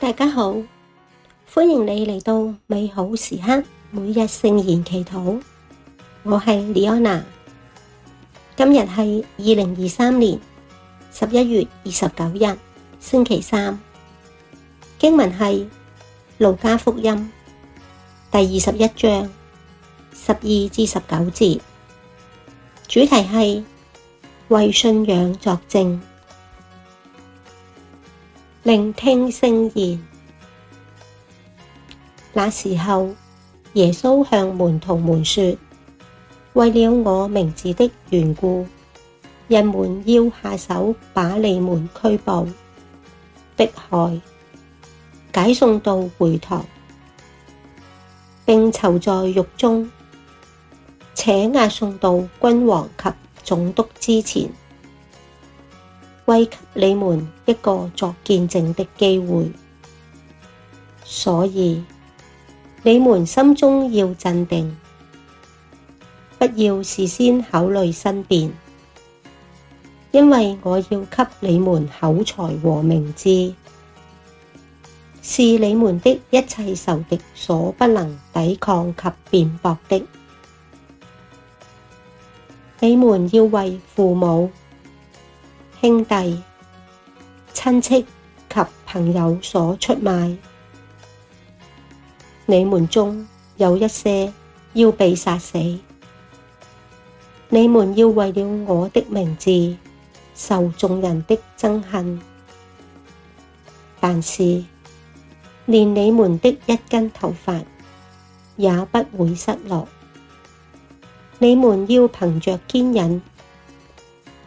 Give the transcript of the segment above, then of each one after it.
大家好，歡迎你嚟到美好時刻每日聖言祈禱，我係李安娜。今日係二零二三年十一月二十九日，星期三。經文係路加福音第二十一章十二至十九節，主題係為信仰作證。聆聽聖言。那時候，耶穌向門徒們說：為了我名字的緣故，人們要下手把你們拘捕、迫害、解送到會堂，並囚在獄中，且押送到君王及總督之前。為給你們一個作見證的機會，所以你們心中要鎮定，不要事先考慮申辯，因為我要給你們口才和明智，是你們的一切仇敵所不能抵抗及辯駁的。你們要為父母。兄弟、親戚及朋友所出賣，你們中有一些要被殺死。你們要為了我的名字，受眾人的憎恨，但是連你們的一根頭髮也不會失落。你們要憑著堅忍，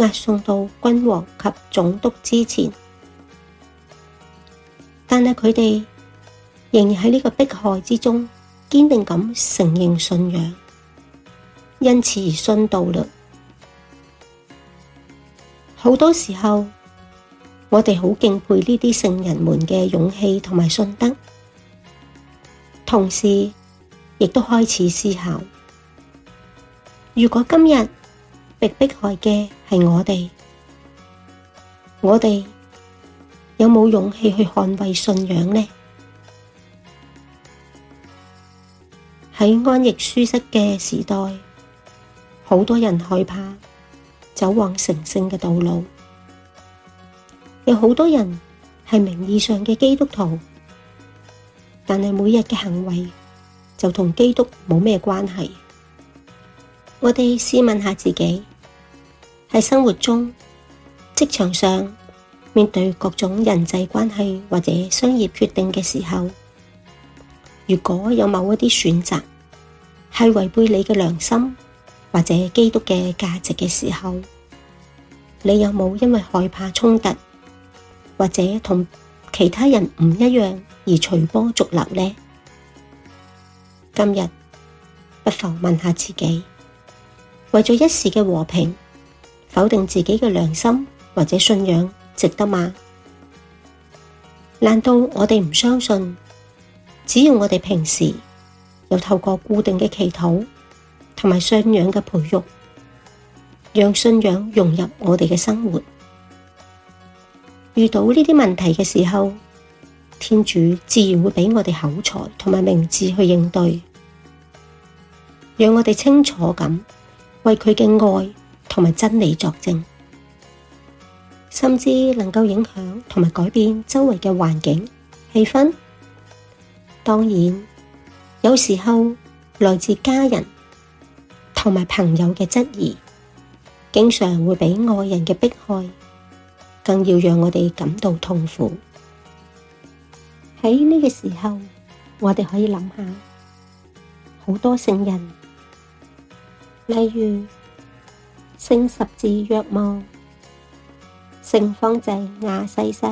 押送到君王及總督之前，但係佢哋仍然喺呢個迫害之中，堅定咁承認信仰，因此而殉道了。好多時候，我哋好敬佩呢啲聖人們嘅勇氣同埋信德，同時亦都開始思考，如果今日，被迫害嘅係我哋，我哋有冇勇氣去捍衛信仰呢？喺安逸舒適嘅時代，好多人害怕走往成聖嘅道路，有好多人係名義上嘅基督徒，但係每日嘅行為就同基督冇咩關係。我哋試問下自己，喺生活中、職場上，面對各種人際關係或者商業決定嘅時候，如果有某一啲選擇係違背你嘅良心或者基督嘅價值嘅時候，你有冇因為害怕衝突或者同其他人唔一樣而隨波逐流呢？今日不妨問下自己。為咗一時嘅和平，否定自己嘅良心或者信仰，值得嗎？難道我哋唔相信，只要我哋平時有透過固定嘅祈禱同埋信仰嘅培育，讓信仰融入我哋嘅生活，遇到呢啲問題嘅時候，天主自然會俾我哋口才同埋明智去應對，讓我哋清楚咁，為佢嘅愛同埋真理作證，甚至能夠影響同埋改變周圍嘅環境氣氛。當然，有時候來自家人同埋朋友嘅質疑，經常會俾外人嘅迫害，更要讓我哋感到痛苦。喺呢個時候，我哋可以諗下，好多聖人。例如聖十字若望、聖方濟亞西西、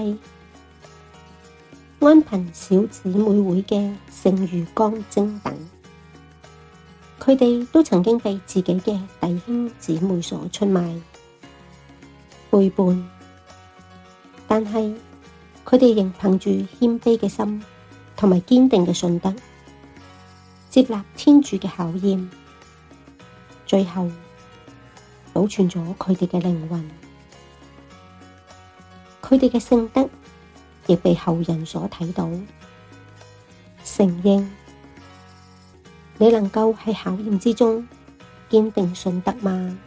安貧小姊妹會嘅聖余剛貞等，佢哋都曾經被自己嘅弟兄姊妹所出賣、背叛，但係佢哋仍憑住謙卑嘅心同埋堅定嘅信德，接納天主嘅考驗。最後保存咗佢哋嘅靈魂，佢哋嘅聖德亦被後人所睇到、承認。你能夠喺考驗之中堅定信德嗎？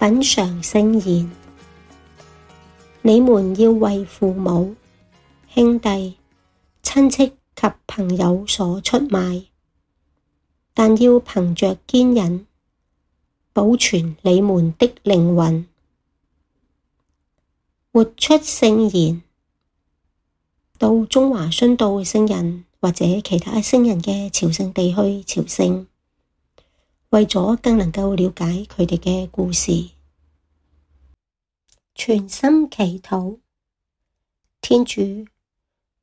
品嘗聖言，你們要為父母、兄弟、親戚及朋友所出賣。但要憑着堅忍，保存你們的靈魂，活出聖言，到中華、殉道聖人或者其他聖人嘅朝聖地去朝聖，為咗更能夠了解佢哋嘅故事，全心祈禱，天主，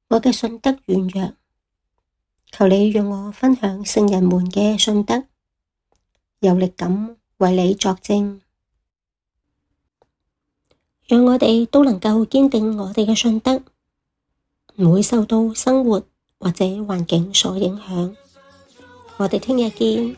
我嘅信德軟弱。求你讓我分享聖人們嘅信德，有力咁為你作證，讓我哋都能夠堅定我哋嘅信德，唔會受到生活或者環境所影響。我哋聽日見。